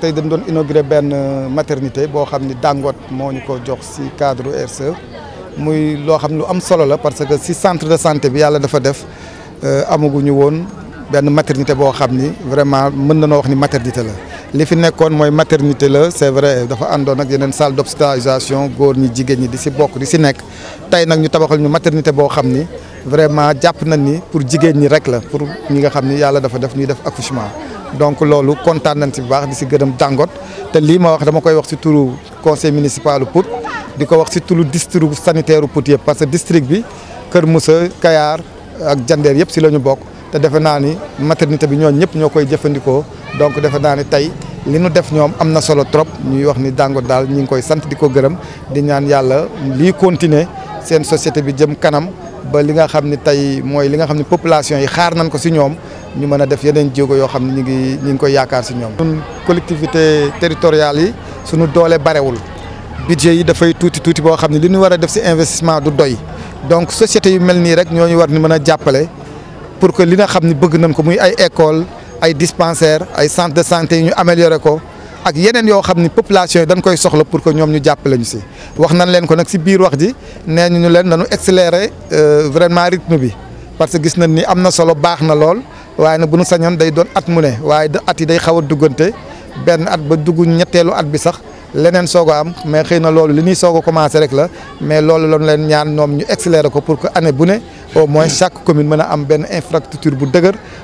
Tay dem doon inaugurer ben euh, maternité bo xamni dangot Dangote ñu ko jox ci cadre RCE muy lo xamni lu am solo la parce que ci centre de santé bi yalla dafa def euh amaguñu won ben maternité bo xamni vraiment mën na noo wax ni maternité la li fi nekkoon moy maternité la c'est vrai dafa àndoon ak yenen salle d'hospitalisation gor ñi jigéen ñi di ci bok di ci nekk tay nak ñu tabaxal ñu maternité bo xamni vraiment jàpp nañ ni pour jigéen ni rek la pour ñi nga xam ni yàlla dafa def ñuy def accouchement donc loolu kontaan nañ si bu baax di si gërëm Dangote te lii ma wax dama koy wax si turu conseil municipal Pout di wax si turu district sanitaire Pout yëpp parce que district bi Kër Moussa Kayar ak Jandeer yëpp si la ñu bokk te defe naa ni maternité bi ñoo ñëpp ñoo koy jëfandikoo donc defe naa ni tey li nu def ñoom am solo trop ñuy wax ni dangot dal ñi ngi koy sant di ko gërëm di ñaan yàlla lii continuer seen société bi jëm kanam ba li nga xam ni tey mooy li nga xam ni population yi xaar nañ ko si ñoom ñu mën a def yeneen jéego yoo xam ne ñu ngi ñu ngi koy yaakaar si ñoom. ñun collectivité territoriale yi suñu doolee barewul budget yi dafay tuuti tuuti boo xam ne li ñu war a def si investissement du doy donc société yu mel nii rek ñooñu war ni mën a jàppale pour que li nga xam ni bëgg nañ ko muy ay école ay dispensaire ay centre de santé yi ñu amélioré ko. ak yeneen yoo xam ni population yi dañ koy soxla pour que ñoom ñu jàppale ñu si wax nañ leen ko nag si biir wax ji nee ñu leen dañu accélérer euh, vraiment rythme bi parce que gis nañ ni am na solo baax na lool waaye nag bu nu sañoon day doon at mu ne waaye da at yi day xaw a duggante benn at ba dugg ñetteelu at bi sax leneen soog a am mais xëy na loolu li ñuy soog a commencé rek la mais loolu loonu leen ñaan ñoom ñu accélérer ko pour que année bu ne au moins chaque commune mën a am benn infrastructure bu dëgër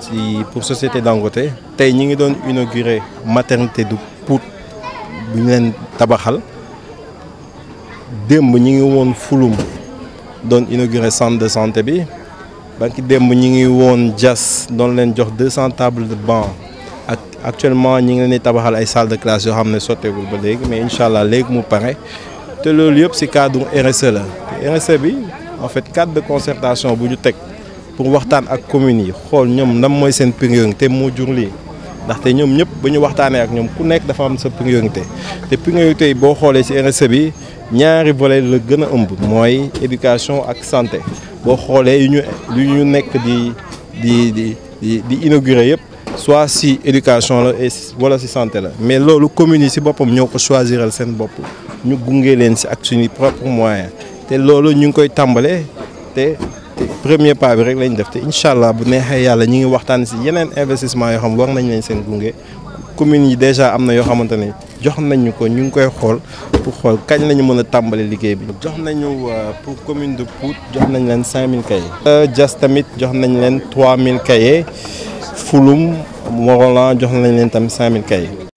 ci pour société d'Angoté. tey ñi ngi doon inauguré maternité du Pout bu ñu leen tabaxal démb ñi ngi woon Fulum doon inauguré centre de santé bi banki démb ñi ngi woon Diass doon leen jox deux tables de banc actuellement ñi ngi leen di tabaxal ay salle de classe yoo xam ne sotteegul ba léegi mais incha allah léegi mu pare te loolu yëpp ci cadre RSE la RSE e bi en fait cadre de concertation bu ñu pour waxtaan ak commune yi seen priorité ñu ak ku nekk dafa am sa priorité priorité ci ñaari volet ëmb éducation ak santé yu ñu nekk di di di di soit si éducation la santé mais loolu commune ci bopam Nous seen bop ñu ci ak suñu propre moyen te premier pas bi rek lañ def te incha allah bu neexee yàlla ñu ngi waxtaan si yeneen investissement yoo xam war nañ leen seen gunge commune yi déjà am na yoo xamante ne jox nañu ko ñu ngi koy xool pour xool kañ la ñu mën a tàmbali liggéey bi. jox nañu euh, pour commune de Pout jox nañ leen mille cahiers. Euh, Diass tamit jox nañ leen 3000 cahiers Fulum Morolan jox nañ leen tam 5000 cahiers.